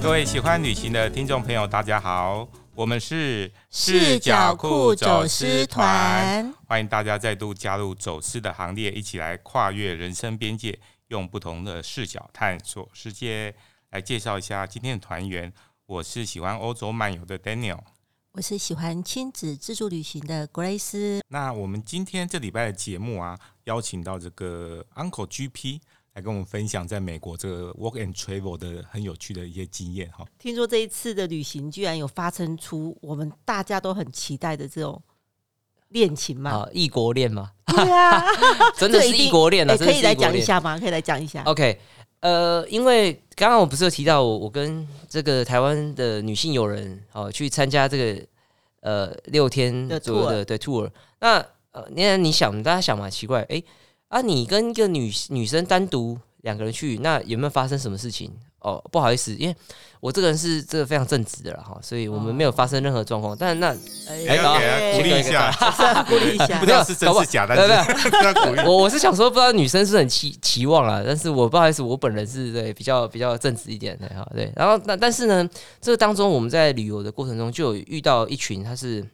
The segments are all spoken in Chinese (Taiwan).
各位喜歡旅行的聽眾朋友，大家好，我們是視角酷走私團，歡迎大家再度加入走私的行列，一起來跨越人生邊界。用不同的視角探索世界。來介紹一下今天的團員，我是喜歡歐洲漫遊的 Daniel，我是喜歡親子自助旅行的 Grace。那我們今天這禮拜的節目啊，邀請到這個 Uncle GP 來跟我們分享在美國這個 Work and Travel 的很有趣的一些經驗哈。聽說這一次的旅行居然有發生出我們大家都很期待的這種。戀情嘛，異國戀嘛，啊，對、yeah. 啊，真的是異國戀啊，欸！可以來講一下嗎？可以來講一下。OK，呃，因為剛剛我不是有提到我，我跟這個台灣的女性友人哦，去參加這個呃六天左右的 tour. 對 tour。那呃，你看你想大家想嘛，奇怪，哎啊，你跟一個女女生單獨兩個人去，那有沒有發生什麼事情？哦，不好意思，因為我這個人是這個非常正直的了哈，所以我們沒有發生任何狀況。但那哎、欸欸，給他鼓勵一下，鼓勵一下， 不知道是真是假的。對，不要鼓勵我。我是想說，不知道女生是很期期望啊，但是我不好意思，我本人是對比較比較正直一點的哈。對，然後但但是呢，這個當中我們在旅遊的過程中就有遇到一群，他是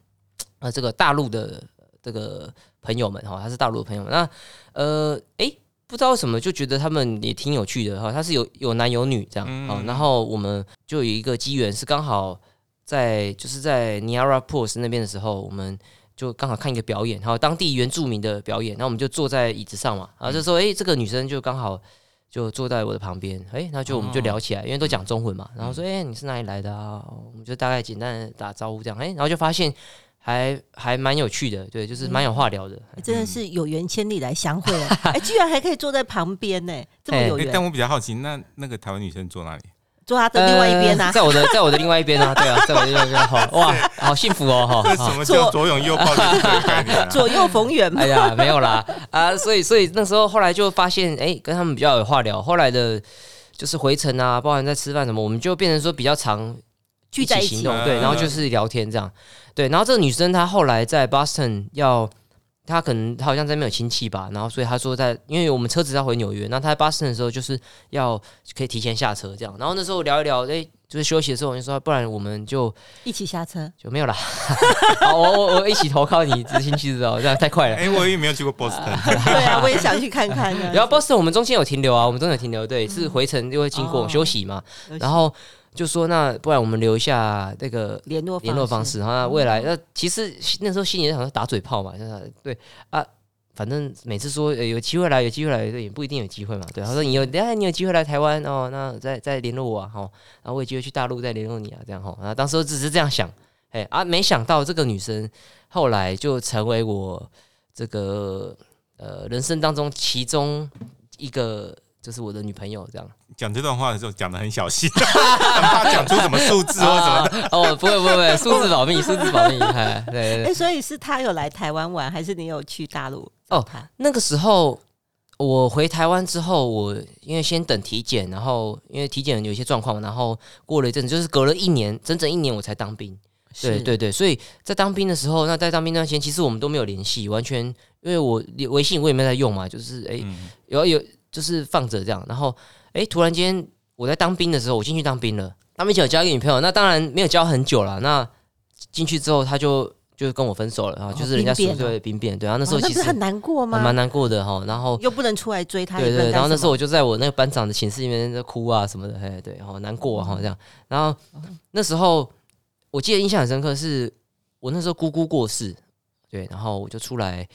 啊，這個大陸的這個朋友們哈，他是大陸的朋友們。那呃，哎、欸。不知道為什麼就覺得他們也挺有趣的哈、哦，他是有有男有女這樣啊、嗯嗯嗯哦，然後我們就有一個機緣是剛好在就是在 Niagara Falls 那邊的時候，我們就剛好看一個表演，然、哦、後當地原住民的表演，然後我們就坐在椅子上嘛，然後就說誒、嗯欸，這個女生就剛好就坐在我的旁邊，誒、欸，那就我們就聊起來，哦、因為都講中文嘛，然後說誒、欸，你是哪裡來的啊，我們就大概簡單的打招呼這樣，誒、欸，然後就發現。還還蠻有趣的，對，就是蠻有話聊的，嗯欸、真的是有緣千里來相會啊、欸！哎、 欸，居然還可以坐在旁邊呢、欸，這麼有緣、欸。但我比較好奇，那那個台灣女生坐哪裡？坐她的另外一邊呢、啊呃？在我的，在我的另外一邊啊， 對啊，在我的另外一邊、啊 啊。好哇，好幸福哦！哈，哦、這什麼叫左擁右抱的、啊？ 左右逢源嘛。哎呀，沒有啦啊，所以所以那時候後來就發現，哎、欸，跟他們比較有話聊。後來的，就是回程啊，包含在吃飯什麼，我們就變成說比較長。具體行動、啊、對，然後就是聊天這樣、嗯，對，然後這個女生她後來在 Boston 要，她可能她好像在沒有親戚吧，然後所以她說在，因為我們車子要回紐約，那她在 Boston 的時候就是要可以提前下車這樣，然後那時候聊一聊，哎、欸，就是休息的時候我就說，不然我們就一起下車就沒有了， 我我我一起投靠你執行去的哦，這樣太快了，哎、欸，我也沒有去過 Boston、啊、對、啊，我也想去看看。啊啊、然後 Boston 我們中間有停留啊，我們中間有停留對、嗯，是回程就會經過、哦、休息嘛，息然後。就說那不然我們留下那個聯絡聯絡方式哈，然後那未來那、嗯、其實那時候心裡好像打嘴炮嘛，就是對啊，反正每次說有機會來有機會來，也不一定有機會嘛。對，他說你有、哎、你有機會來台灣哦，那再再聯絡我、啊、哦，然後我有機會去大陸再聯絡你啊，這樣哈。那、哦、當時只是這樣想，哎啊，沒想到這個女生後來就成為我這個呃人生當中其中一個。就是我的女朋友，這樣講這段話的時候講的很小心，他 講 出什麼數字或什麼、啊啊、哦，不會不會不會，數字保密，數 字保密，哎 對對對、欸，所以是他有來台灣玩，還是你有去大陸？哦，那個時候我回台灣之後，我因為先等體檢，然後因為體檢有一些狀況，然後過了一陣子，就是隔了一年，整整一年我才當兵。對對對，所以在當兵的時候，那在當兵那段時間，其實我們都沒有聯繫，完全因為我微信我也沒有在用嘛，就是哎、欸嗯，有有。就是放着這樣，然後，哎、欸，突然間，我在當兵的時候，我進去當兵了。當兵前我交一個女朋友，那當然沒有交很久了。那進去之後，她就就跟我分手了，然後、哦、就是人家軍對兵、哦、兵變，對啊，然後那時候其實很難過嗎？蠻、啊、難過的哈。然後又不能出來追她，對，對對。然後那時候我就在我那個班長的寢室裡面在哭啊什麼的，嘿，對，好難過啊、嗯、這樣。然後、嗯、那時候我記得印象很深刻是，是我那時候姑姑過世，對，然後我就出來，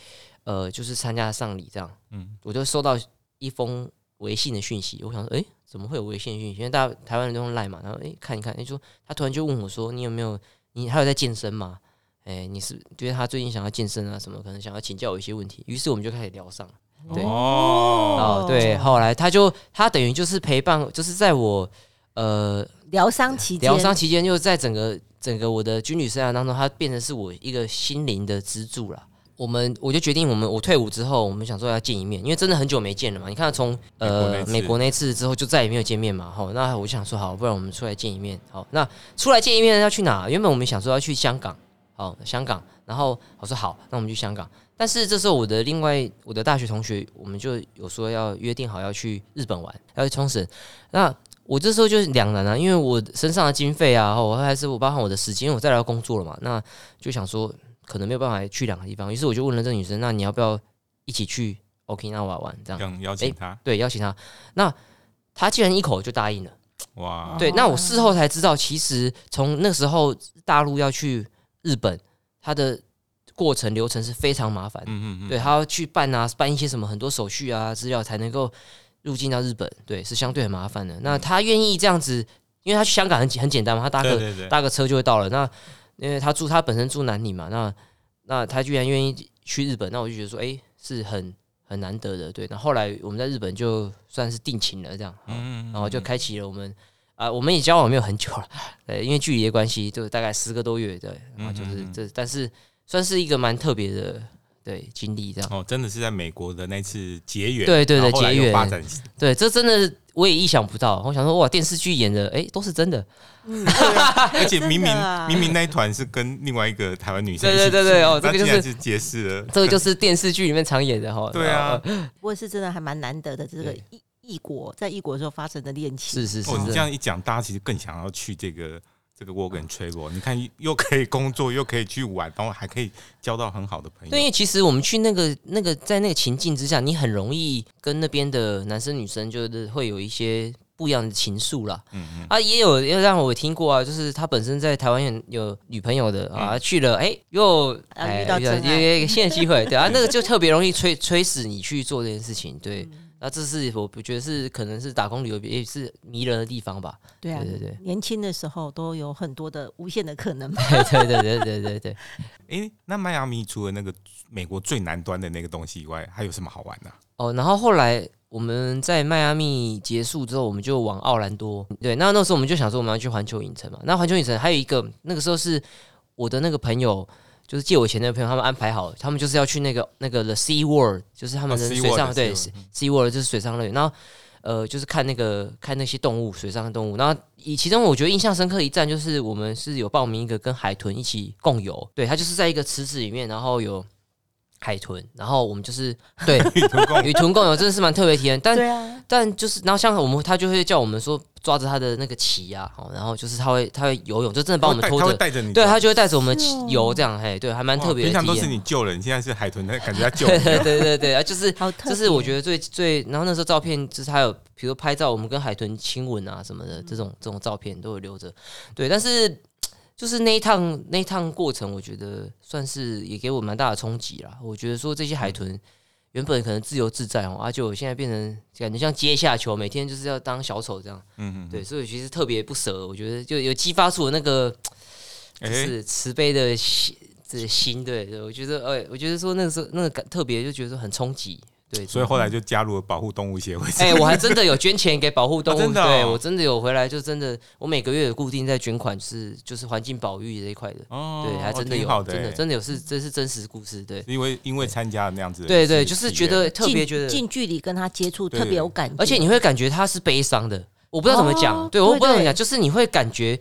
呃，就是參加喪禮這樣。嗯，我就收到。一封微信的訊息，我想說，哎、欸，怎麼會有微信訊息？因為大家台灣人都用 LINE 嘛。然後，哎、欸，看一看，哎、欸，說他突然就問我說：“你有沒有？你還有在健身嗎？”哎、欸，你是,是，因為他最近想要健身啊，什麼可能想要請教我一些問題。於是我們就開始療傷對哦,哦，對。後來他就他等於就是陪伴，就是在我呃療傷期療傷期間，就在整個整個我的軍旅生涯當中，他變成是我一個心靈的支柱了。我們我就決定，我們我退伍之後，我們想說要見一面，因為真的很久沒見了嘛。你看，從呃美國那次之後，就再也沒有見面嘛。好，那我就想說，好，不然我們出來見一面。好，那出來見一面要去哪？原本我們想說要去香港。好，香港。然後我說好，那我們去香港。但是這時候我的另外我的大學同學，我們就有說要約定好要去日本玩，要去沖繩。那我這時候就是兩難了啊，因為我身上的經費啊，我還是我包含我的時間，因為我再來要工作了嘛。那就想說。可能沒有辦法去兩個地方，於是我就問了這個女生：“那你要不要一起去 Okinawa 玩？”這樣子，她、欸。對，邀請她。那她竟然一口就答應了，哇！對，那我事後才知道，其實從那時候大陸要去日本，它的過程流程是非常麻煩。嗯嗯嗯，對，她要去辦啊，辦一些什麼很多手續啊、資料才能夠入境到日本。對，是相對很麻煩的。嗯、那她願意這樣子，因為她去香港很很簡單嘛，她搭個對對對搭個車就會到了。那因為他住他本身住南嶺嘛，那，那他居然願意去日本，那我就覺得說，欸，是很很難得的，對。那後來我們在日本就算是定情了這樣，嗯嗯嗯嗯，然後就開啟了我們啊，我們也交往沒有很久了，對，因為距離的關係，就大概十個多月，對，然後就是嗯嗯嗯，這，但是算是一個蠻特別的。對，經歷這樣哦，真的是在美國的那一次結緣，對對的結緣，對，這真的我也意想不到。我想說，哇，電視劇演的哎、欸、都是真的，嗯、 而且明明、啊、明明那一團是跟另外一個台灣女生，對對對對哦，那就是結識了，這個就是電視劇裡面常演的哈、這個。對啊，不過是真的還蠻難得的，這個異異國在異國的時候發生的戀情，是是是，是。哦，你這樣一講，大家其實更想要去這個。這個我跟吹過，你看又可以工作，又可以去玩，然後還可以交到很好的朋友。對，因為其實我們去那個那個在那個情境之下，你很容易跟那邊的男生女生就是會有一些不一樣的情愫啦。嗯、嗯啊，也有，因為讓我聽過啊，就是他本身在台灣有女朋友的啊、嗯，去了，欸又啊、哎又遇到一個一個新的機會， 對啊，那個就特別容易吹吹死你去做這件事情，對。嗯那、啊、這是我我覺得是可能是打工旅遊也、欸、是迷人的地方吧？對啊，對對，對年輕的時候都有很多的無限的可能嘛。對對對對對對。 哎、欸，那邁阿密除了那個美國最南端的那個東西以外，還有什麼好玩的、啊？哦，然後後來我們在邁阿密結束之後，我們就往奧蘭多。對，那那時候我們就想說我們要去環球影城嘛。那環球影城還有一個，那個時候是我的那個朋友。就是借我錢的朋友，他們安排好了，他們就是要去那個那個 The Sea World，就是他們的水上、oh, 對 Sea World, 對 sea world、嗯、就是水上樂園，然後呃，就是看那個看那些動物，水上的動物，然後以其中我覺得印象深刻一站就是我們是有報名一個跟海豚一起共游，對，它就是在一個池子裡面，然後有。海豚，然後我們就是對與豚共游，有真的是蠻特別體驗。 但、啊、但就是然後像我們，他就會叫我們說抓着他的那個鰭啊，然後就是他會他會游泳，就真的幫我們拖着他會帶，他會帶着你。對，他就會帶着我們游、哦、這樣。嘿，對，還蠻特別的體驗。以前都是你救人，你現在是海豚，感覺他救人。 對對對啊，就是，就是我覺得最最。然後那時候照片就是還有，比如說拍照，我們跟海豚親吻啊什麼的、嗯、這種這種照片都會留着。對，但是。就是那一趟那一趟過程，我覺得算是也給我蠻大的衝擊啦。我覺得說，這些海豚原本可能自由自在哦，而且我現在變成感覺像階下囚，每天就是要當小丑這樣。嗯哼，對，所以其實特別不捨。我覺得就有激發出我那個、就是慈悲的心，這心對對，我覺得哎、欸，我覺得說那個時候那個感特別，就覺得很衝擊。對對對對，所以後來就加入了保護動物協會、欸。哎，我還真的有捐錢給保護動物。哦哦，對，我真的有回來，就真的，我每個月有固定在捐款是，是就是環境保育這一塊的。哦，對，還真的有，哦，挺好的欸，真的真的有是，這是真實故事。對，因為因為參加了那樣子的。對，對對，就是覺得特別，覺得近、近距離跟他接觸特別有感覺對對對，而且你會感覺他是悲傷的，我不知道怎麼講、哦。對，我不知道怎麼講，就是你會感覺。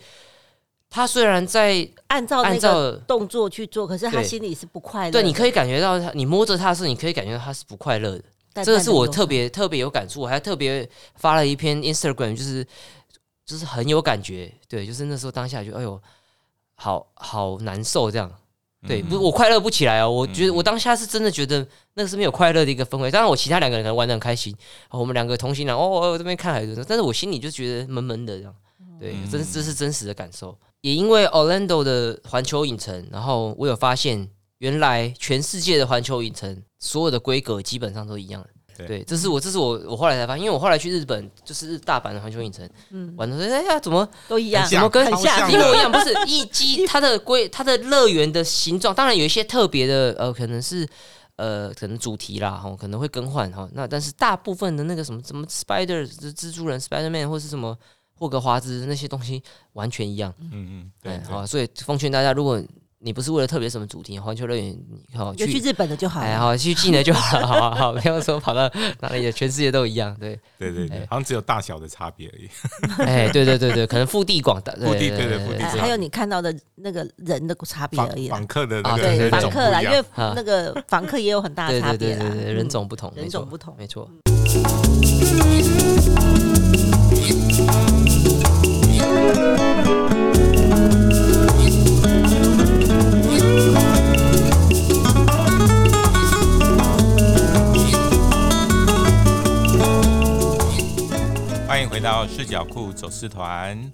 他雖然在按照那個動作去做，可是他心裡是不快樂。對，你可以感覺到他，你摸着他的時候，你可以感覺到他是不快樂的。這個是我特別特別有感觸，我還特別發了一篇 Instagram，就是就是很有感覺。對，就是那時候當下就哎呦，好好難受這樣。對，嗯、不是我快樂不起來啊、喔，我覺得、嗯、我當下是真的覺得那個是沒有快樂的一個氛圍。當然，我其他兩個人可能玩的很開心，我們兩個同行人哦哦這邊看孩子，但是我心裡就覺得悶悶的這樣。對，嗯、真這是真實的感受。也因為 Orlando 的環球影城，然後我有發現，原來全世界的環球影城所有的規格基本上都一樣。對。對，這是我，這是我，我後來才發現，因為我後來去日本，就是大阪的環球影城，嗯，玩的時候哎呀、欸啊，怎麼都一樣，怎麼跟下我一樣？不是一機它的規，它的樂園的形狀，當然有一些特別的，呃，可能是呃，可能主題啦，哈、哦，可能會更換哈、哦。那但是大部分的那個什麼什麼 Spider 蜘蛛人 Spiderman 或是什麼。霍格華茲，那些東西完全一樣。嗯嗯，對，對。好、嗯，所以奉勸大家，如果你不是為了特別什麼主題的，環球樂園，你去日本的就好了、哎，好去近的就好了， 好好好，不說跑到哪裡全世界都一樣。對對對、對、哎、好像只有大小的差別而已。 哎，對對對對，可能腹地廣大，對對對對對 腹地對對腹地。還有你看到的那個人的差別而已啦，訪客的啊對訪客啦，因為那個訪客也有很大的差別、啊、人種不同、嗯，人種不同，沒錯。嗯歡迎回到視角酷走私團。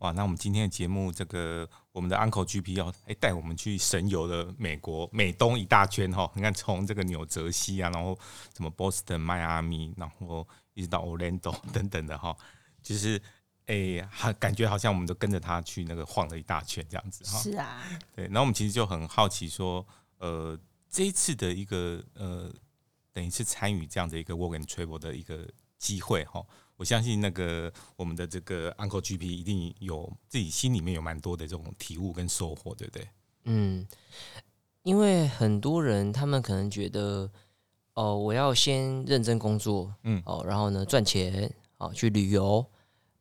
哇，那我們今天的節目，這個我們的 Uncle GP o、哦、哎，帶我們去神遊了美國美東一大圈哈、哦。你看，從這個紐澤西啊，然後什麼 Boston、Miami，然後一直到 Orlando 等等的哈、哦。就是，誒、欸，感覺好像我們都跟着他去那個晃了一大圈這樣子哈。是啊，對，然後我們其實就很好奇說，呃，這一次的一個呃，等於是參與這樣的一個 Work and Travel 的一個機會哈。我相信那個我們的這個 Uncle GP 一定有自己心裡面有蠻多的這種體悟跟收穫，對不對？嗯，因為很多人他們可能覺得，哦、呃，我要先認真工作，嗯，哦，然後呢，賺錢哦，去旅遊。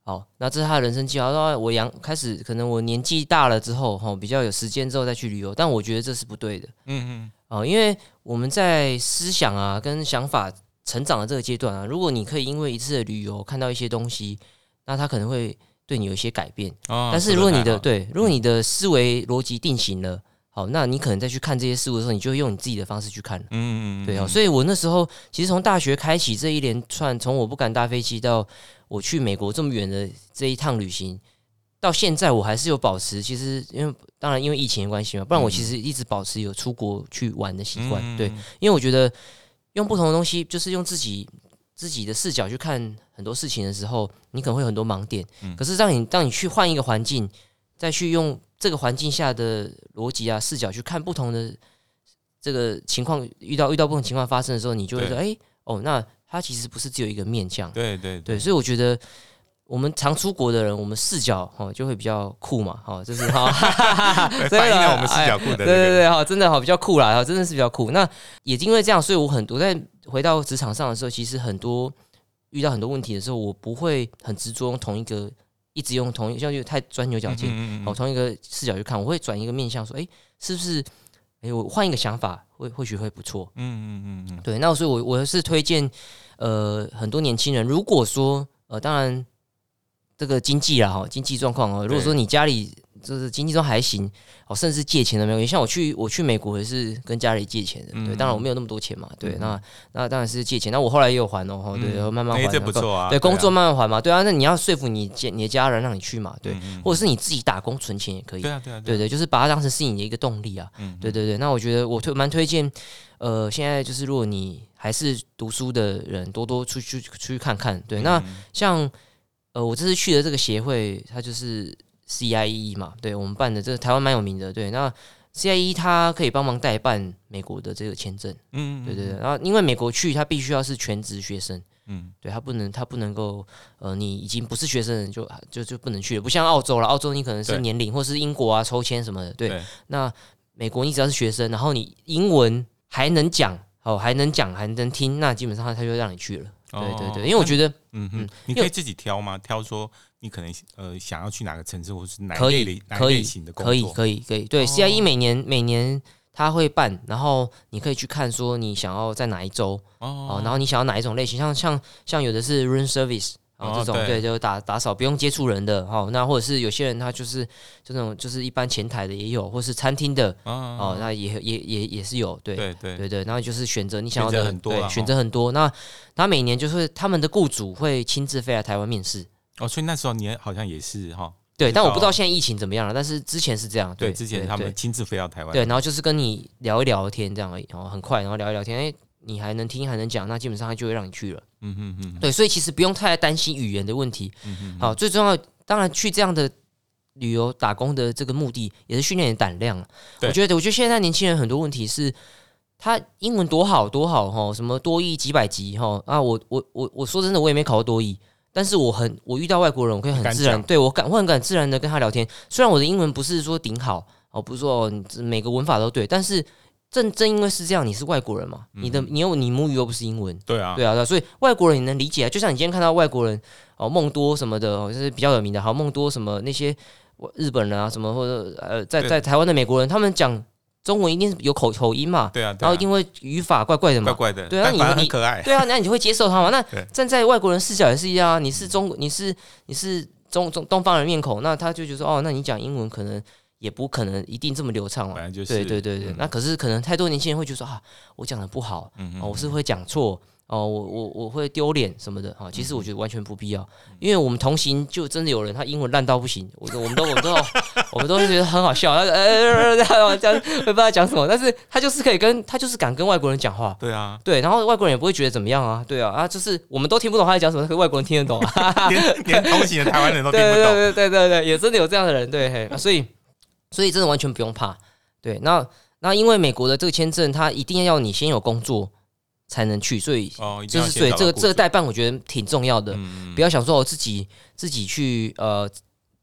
好，那這是他人生計劃。到我養開始，可能我年紀大了之後，哈，比較有時間之後再去旅遊。但我覺得這是不對的。嗯嗯。哦，因為我們在思想啊跟想法成長的這個階段啊，如果你可以因為一次的旅遊看到一些東西，那他可能會對你有一些改變。哦，但是如果你的、嗯、對，如果你的思維邏輯定型了。好，那你可能再去看這些事物的時候，你就會用你自己的方式去看了。嗯嗯，嗯，對啊，哦。所以，我那時候其實從大學開啟這一連串，從我不敢搭飛機到我去美國這麼遠的這一趟旅行，到現在我還是有保持。其實，因為當然因為疫情的關係嘛，不然我其實一直保持有出國去玩的習慣。嗯嗯嗯嗯，對，因為我覺得用不同的東西，就是用自己自己的視角去看很多事情的時候，你可能會很多盲點。嗯嗯，可是讓你當你去換一個環境，再去用。這個環境下的邏輯啊、視角去看不同的這個情況，遇到遇到不同情況發生的時候，你就會說：“哎，哦，那它其實不是只有一個面相。”對對對，對，所以我覺得我們常出國的人，我們視角哈、哦、就會比較酷嘛，哈、哦，就是哈，哈哈哈反映了我們視角酷的、哎，對對對，哈，真的哈比較酷啦，哈，真的是比較酷。那也因為這樣，所以我很多在回到職場上的時候，其實很多遇到很多問題的時候，我不會很執着用同一個。一直用同一個，像就太鑽牛角尖，嗯嗯嗯。我從一個視角去看，我會轉一個面向，說：“哎、欸，是不是？哎、欸，我換一個想法，會或許會不錯。”嗯嗯嗯嗯。對，那我所以我我是推薦，呃，很多年輕人，如果說，呃，當然。這個經濟啦，哈，經濟狀況哦。如果說你家裡就是經濟都還行，哦，甚至借錢都沒有問題。像我去，我去美國也是跟家裡借錢的，對，嗯、當然我沒有那麼多錢嘛，對，嗯、那那當然是借錢。那我後來也有還哦，哈，對、嗯，慢慢還。哎，這不錯啊，對,對,對、啊，工作慢慢還嘛，對啊。那你要說服你家你的家人讓你去嘛，對，嗯嗯，或者是你自己打工存錢也可以。對、啊、對、啊、對,、啊對,啊、對，就是把它當成是你的一個動力啊。對對、嗯、對。那我覺得我推蠻推薦，呃，現在就是如果你還是讀書的人，多多出去出去看看。對，嗯、那像。呃，我這次去的這個協會，它就是 CIE 嘛，對，我們辦的，這個台灣蠻有名的。對，那 CIE 它可以幫忙代辦美國的這個簽證，嗯，嗯，嗯，對對對。然後因為美國去，他必須要是全職學生，嗯，對他不能，他不能夠，呃，你已經不是學生就，就就就不能去了。不像澳洲了，澳洲你可能是年齡，或是英國啊抽籤什麼的對。對，那美國你只要是學生，然後你英文還能講，哦，還能講，還能聽，那基本上他就讓你去了。對對對，因為我覺得，啊、嗯嗯，你可以自己挑嗎？挑說你可能呃想要去哪個城市，或是哪類哪類型的工作？可以可以可以，對，CIE 每年、哦、每年他會辦，然後你可以去看說你想要在哪一週哦，哦，然後你想要哪一種類型，像像像有的是 room service。哦，這種、哦、對、對，就打打掃不用接觸人的哈、哦，那或者是有些人他就是就這種，就是一般前台的也有，或是餐廳的，哦，哦那也也也也是有，對對對，對，對，對，對然後就是選擇你想要的，很多對，選擇很多。哦、那那每年就是他們的僱主會親自飛來台灣面試。哦，哦所以那時候你好像也是哈、哦。對，但我不知道現在疫情怎麼樣了，但是之前是這樣。對，對之前他們親自飛到台灣對對對對。對，然後就是跟你聊一聊天這樣而已，很快，然後聊一聊天，哎。你還能聽還能講，那基本上他就會讓你去了。嗯嗯嗯，對，所以其實不用太擔心語言的問題。嗯哼哼好，最重要當然去這樣的旅遊打工的這個目的也是訓練你的膽量。我覺得，我覺得現在年輕人很多問題是，他英文多好多好什麼多益幾百級哈啊，我我我我說真的，我也沒考過多益。但是我很我遇到外國人，我可以很自然，敢對我感我很敢自然的跟他聊天，雖然我的英文不是說頂好哦，不是說每個文法都對，但是。正正因為是這樣，你是外國人嘛，嗯、你的你又你母語又不是英文，對啊，對啊，所以外國人你能理解啊？就像你今天看到外國人哦，夢多什麼的，就是比較有名的，好夢多什麼那些日本人啊，什麼或者呃，在在台灣的美國人，他們講中文一定是有口口音嘛，對啊，對啊，然後因為語法怪怪的嘛，怪怪的，對啊，你你可愛，對啊，那你就會接受他嘛。 那站在外國人視角也是一樣啊，你是中你是你是中中東方人面孔，那他就覺得說哦，那你講英文可能。也不可能一定這麼流暢，對對對對、嗯，那可是可能太多年輕人會覺得說啊，我講得不好、嗯，嗯、我是會講錯哦、呃，我我我會丟臉什麼的啊、嗯。其實我覺得完全不必要，因為我們同行就真的有人他英文爛到不行，我我們都我們都我們都是覺得很好笑，他哎哎會不知道講什麼，但是他就是可以跟他就是敢跟外國人講話，對啊，對，然後外國人也不會覺得怎麼樣啊，對啊啊，就是我們都聽不懂他在講什麼，可是外國人聽得懂、啊，連 連同行的台灣人都聽不懂， 對對對對對對，也真的有這樣的人，對，啊、所以。所以真的完全不用怕，對。那那因為美國的這個簽證，它一定要要你先有工作才能去，所以就是對、哦、這個這個代辦，我覺得挺重要的。嗯、不要想說我、哦、自己自己去呃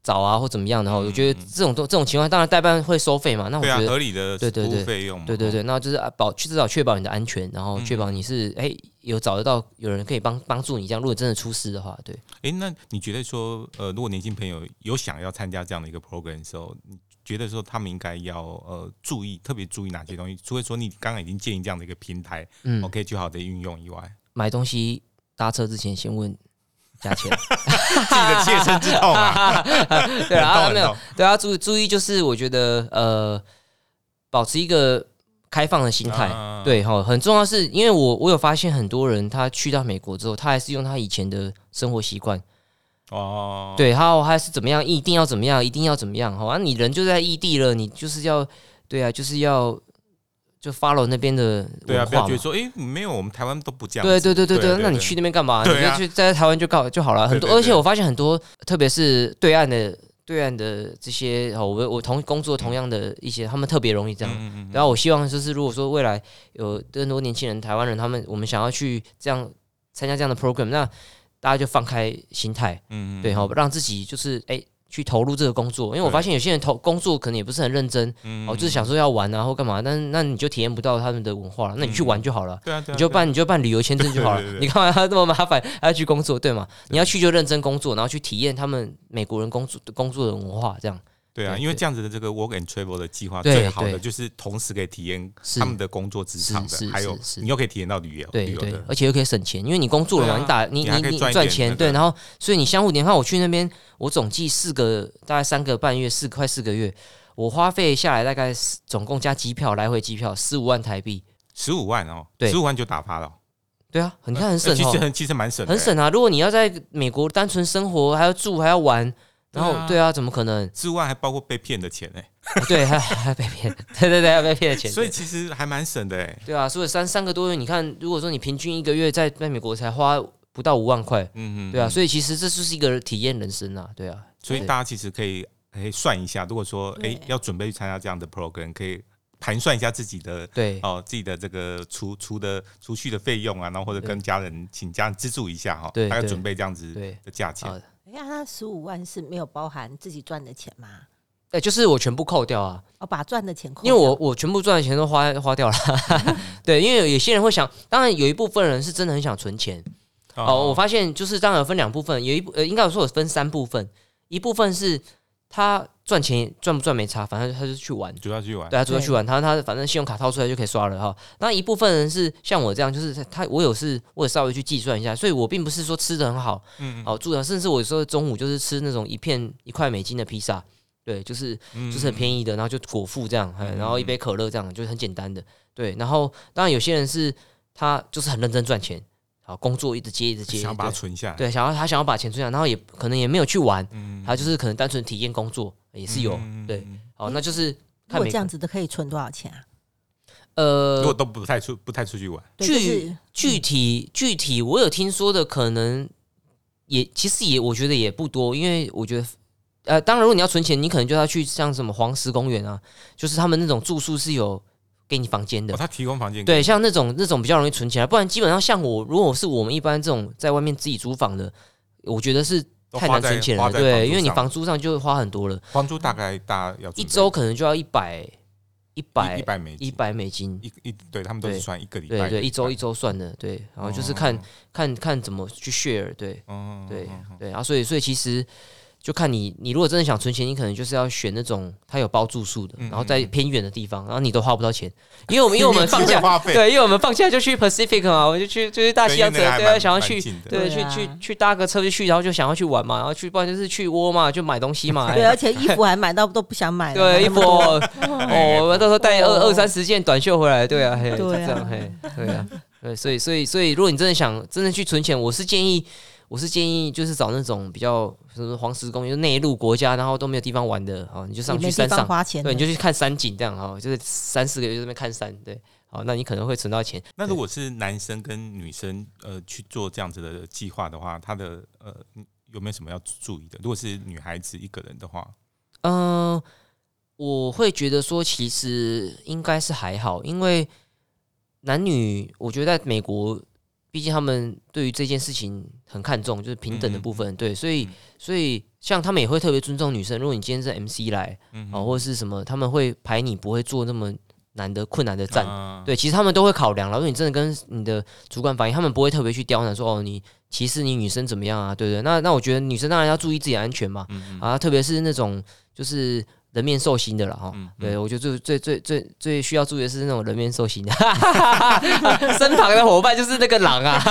找啊或怎麼樣的話、嗯。我覺得這種這種情況，當然代辦會收費嘛。那我覺得、啊、合理的對對對費用嘛，對對對。那就是保至少確保你的安全，然後確保你是誒、嗯欸、有找得到有人可以幫幫助你。這樣如果真的出事的話，對。誒、欸。那你覺得說呃，如果年輕朋友有想要參加這樣的一個 program 的時候，覺得說他們應該要呃注意，特別注意哪些東西？除非說你剛剛已經建議這樣的一個平台，嗯，OK，最好的運用以外，買東西搭車之前先問價錢，這 個的切身之後對啊，沒 有 對， 對 啊，注、那個、注意就是我覺得呃，保持一個開放的心態、嗯，對哈，很重要是。是因為我我有發現很多人他去到美國之後，他還是用他以前的生活習慣。哦、oh.，對，還有還是怎麼樣，一定要怎麼樣，一定要怎麼樣。好、哦，啊，你人就在異地了，你就是要，對啊，就是要就 follow 那邊的文化嘛對、啊、覺說，哎、欸，沒有，我們台灣都不這樣。對對對對，對對對對對，那你去那邊幹嘛？對啊，你可以在台灣就告就好了。很多對對對對，而且我發現很多，特別是對岸的對岸的這些，好，我我同工作同樣的一些，嗯、他們特別容易這樣嗯嗯嗯嗯。然後我希望就是，如果說未來有很多年輕人、台灣人，他們我們想要去這樣參加這樣的 program，那。大家就放開心態、嗯，嗯，對，好，讓自己就是誒、欸、去投入這個工作，因為我發現有些人投工作可能也不是很認真，嗯、哦，就是想說要玩啊或幹嘛，但是那你就體驗不到他們的文化了，那你去玩就好了，對啊，你就辦，對對對對，你就辦旅遊簽證就好了，對對對對，你幹嘛要這麼麻煩還要去工作，對嗎？你要去就認真工作，然後去體驗他們美國人工作的工作的文化這樣。對啊，因為這樣子的這個 Work and Travel 的計劃，最好的就是同時可以體驗他們的工作職場的，還有你又可以體驗到旅遊，對對對，而且又可以省錢，因為你工作了嘛，你打、啊、你打你你賺錢，對，然後所以你相互你看，我去那邊，我總計四個大概三個半月，四快四個月，我花費下來大概總共加機票來回機票十五萬台幣，十五萬哦，對，十五萬就打發了，對啊，很省很省、欸欸，其實很其實蠻省的、欸，很省啊。如果你要在美國單純生活，還要住還要玩。然後對啊，怎麼可能？之外還包括被騙的錢呢、欸啊？對，還還被騙， 對對對，還被騙的錢。所以其實還蠻省的哎、欸。對啊，所以三三個多月，你看，如果說你平均一個月在在美國才花不到五萬塊，嗯哼嗯，對啊，所以其實這就是一個體驗人生啊，對啊。所以大家其實可以、欸、算一下，如果說、欸、要準備參加這樣的 program，可以盤算一下自己的對哦、呃、自己的這個出出的出去的費用啊，然後或者跟家人請家人資助一下哈，還要準備這樣子的價錢。那他十五萬是沒有包含自己賺的錢嗎？哎、欸，就是我全部扣掉啊！哦，把賺的錢扣掉，因為我我全部賺的錢都花花掉了。 對，因為有，有些人會想，當然有一部分人是真的很想存錢。哦，好，我發現就是當然分兩部分，有一呃應該說我分三部分，一部分是。他賺錢賺不賺沒差，反正他就去玩，主要去玩，對，主要去玩。他他反正信用卡掏出來就可以刷了哈。那一部分人是像我這樣，就是他我有事，我有稍微去計算一下，所以我並不是說吃得很好，好住的，甚至我有時候中午就是吃那種一片一塊美金的披薩，對，就是就是很便宜的，然後就果腹這樣，然後一杯可樂這樣，就是很簡單的，對。然後當然有些人是他就是很認真賺錢。工作一直接一直接，想把它存下來。對，對想要他想要把錢存下來，然後也可能也沒有去玩，嗯、他就是可能單純體驗工作也是有、嗯。對，好，欸、那就是他這樣子的可以存多少錢啊？呃，如果都不太出不太出去玩，就是、具具體、嗯、具體我有聽說的，可能也其實也我覺得也不多，因為我覺得呃，當然如果你要存錢，你可能就要去像什麼黃石公園啊，就是他們那種住宿是有。給你房間的、oh,，他提供房間。對，像那種那種比較容易存起來，啊，不然基本上像我，如果是我們一般這種在外面自己租房的，我覺得是太難存錢了。花在花在對，因為你房租上就花很多了，房租大概大要一周可能就要 100, 100, 一百一百一百美一百美金一美金一對，對他們都是算一個禮拜，對，對對一周一周算的，對，然後就是看 oh, oh, 看看怎麼去 share，對，對對, oh, oh, oh, oh. 對，然、啊、後所以所以其實。就看你，你如果真的想存錢，你可能就是要選那種他有包住宿的，嗯嗯，然後在偏遠的地方，然後你都花不到錢，因為我們因為我們放假對，因為我們放假就去 Pacific 嘛，我就去就是大西洋對，想要去對去去去搭個車就去，然後就想要去玩嘛，然後去不然就是去窩嘛，就買東西嘛， 對，而且衣服還買到都不想買，對，對衣服哦， 哦，我們到時候帶二二三十件短袖回來，對啊，對就這樣嘿，對啊，對，所以所以所以，所以所以所以如果你真的想真的去存錢，我是建議。我是建議，就是找那種比較什麼黃石公園、內陸國家，然後都沒有地方玩的，哈，你就上去山上，花錢對，你就去看山景，這樣哈，就是三四個月在那邊看山，對，好，那你可能會存到錢。那如果是男生跟女生，呃，去做這樣子的計劃的話，他的呃，有沒有什麼要注意的？如果是女孩子一個人的話，嗯、呃，我會覺得說，其實應該是還好，因為男女，我覺得在美國。畢竟他們對於這件事情很看重，就是平等的部分，嗯、對，所以所以像他們也會特別尊重女生。如果你今天是 MC 來，啊、嗯哦，或者是什麼，他們會排你不會做那麼難的困難的站、啊，對，其實他們都會考量了。如果你真的跟你的主管反映，他們不會特別去刁難，說哦你歧視你女生怎麼樣啊？對不對,對？那那我覺得女生當然要注意自己安全嘛，嗯、啊，特別是那種就是。人面獸心的了哈、嗯嗯，對，我覺得最最最最最需要注意的是那種人面獸心的 身旁的伙伴就是那個狼啊。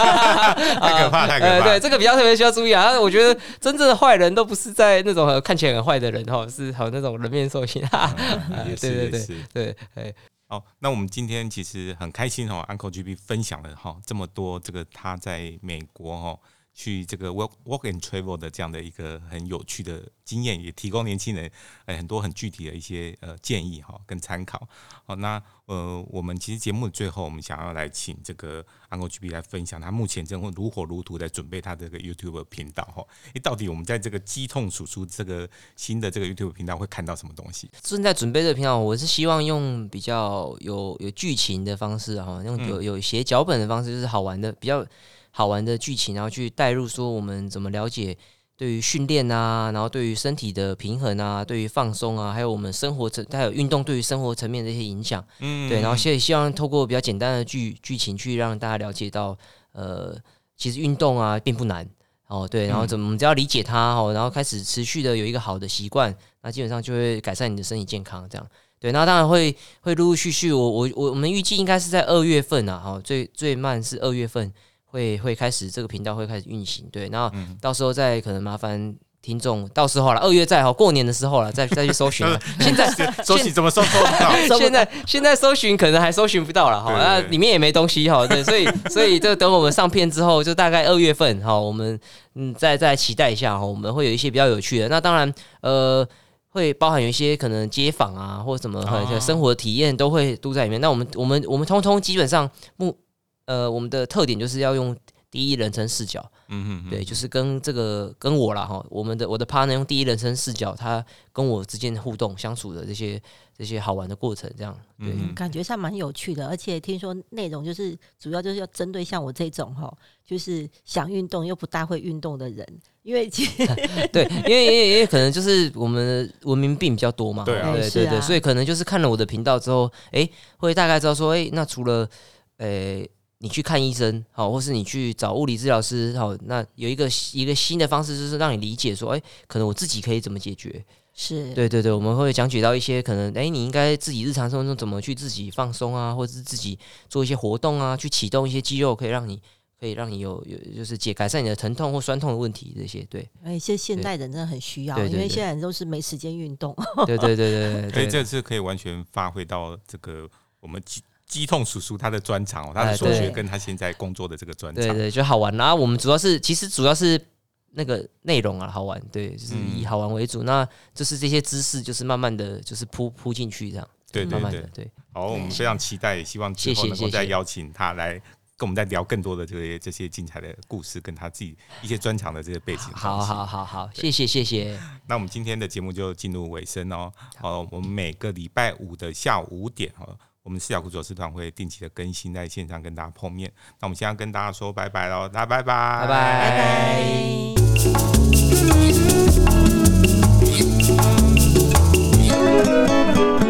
太，太可怕太可怕。對，這個比較特別需要注意啊，我覺得真正的壞人都不是在那種看起來很壞的人哈，是好那種人面獸心、啊啊 啊。也是也是對對對，哎，好，那我們今天其實很開心哈、哦、，Uncle GP 分享了哈這麼多這個他在美國哈。去這個 walk walk and travel 的這樣的一個很有趣的經驗，也提供年輕人哎很多很具體的一些呃建議哈，跟參考。好，那呃，我們其實節目的最後，我們想要來請這個 Uncle GP 來分享，他目前正會如火如荼在準備他的這個 YouTube 頻道哈、哦。到底我們在這個肌痛叔叔這個新的這個 YouTube 頻道會看到什麼東西？正在準備的頻道，我是希望用比較有有劇情的方式哈，用有有寫腳本的方式，就是好玩的比較。好玩的劇情，然後去帶入說我們怎麼了解對於訓練啊，然後對於身體的平衡啊，對於放鬆啊，還有我們生活層，還有運動對於生活層面的一些影響，嗯，對，然後所以希望透過比較簡單的劇劇情去讓大家了解到，呃，其實運動啊並不難哦，對，然後怎麼、嗯、只要理解它哦，然後開始持續的有一個好的習慣，那基本上就會改善你的身體健康，這樣，對，那當然會會陸陸續續，我我我我們預計應該是在二月份啊，哈，最最慢是二月份。會會開始這個頻道會開始運行，對，然後到時候再可能麻煩聽眾，嗯、到時候了，二月再好過年的時候了，再再去搜尋， 現在搜尋 怎麼搜搜不到， 現在現在搜尋可能還搜尋不到了哈，那、啊、裡面也沒東西哈，對，所以所以就等我們上片之後， 就大概二月份哈，我們嗯再再期待一下哈，我們會有一些比較有趣的，那當然呃會包含有一些可能街訪啊或者什麼、啊、生活體驗都會都在裡面，啊、那我們我們我們通通基本上目。呃，我們的特點就是要用第一人稱視角，嗯嗯，對，就是跟這個跟我啦哈，我們的我的 partner 用第一人稱視角，他跟我之間的互動、相處的這些這些好玩的過程，這樣，對、嗯，感覺上蠻有趣的。而且聽說內容就是主要就是要針對像我這種哈，就是想運動又不大會運動的人，因為其實 對，因為也也有可能就是我們文明病比較多嘛，對、啊、對、對對對、啊，所以可能就是看了我的頻道之後，哎，會大概知道說，哎，那除了誒。你去看醫生，好，或是你去找物理治療師，好，那有一個一個新的方式，就是讓你理解說，哎，可能我自己可以怎麼解決？是對對對，我們會講解到一些可能，哎，你應該自己日常生活中怎麼去自己放鬆啊，或者是自己做一些活動啊，去啟動一些肌肉，可以讓你可以讓你有有就是解改善你的疼痛或酸痛的問題這些對。哎，現在現代人真的很需要，對對對對，因為現在人都是沒時間運動。 對，對，對，對，對，對，對，對對對對對，所以這次可以完全發揮到這個我們。肌痛叔叔他的專長、哦，他的所學跟他現在工作的這個專長，對，對對，就好玩、啊。然後我們主要是，其實主要是那個內容啊，好玩，對，就是以好玩為主。嗯、那就是這些知識，就是慢慢的就是鋪鋪進去這樣，對，對，對，慢慢的，對。好，我們非常期待，希望之後能夠再邀請他來跟我們再聊更多的這些這些精彩的故事，跟他自己一些專長的這些背景。好好好好，謝謝謝謝。那我們今天的節目就進入尾聲哦。好，我們每個禮拜五的下午五點啊，我們視角酷走私團會定期的更新，在線上，跟大家碰面。那我們現在跟大家說拜拜嘍，大家拜拜，拜拜，拜。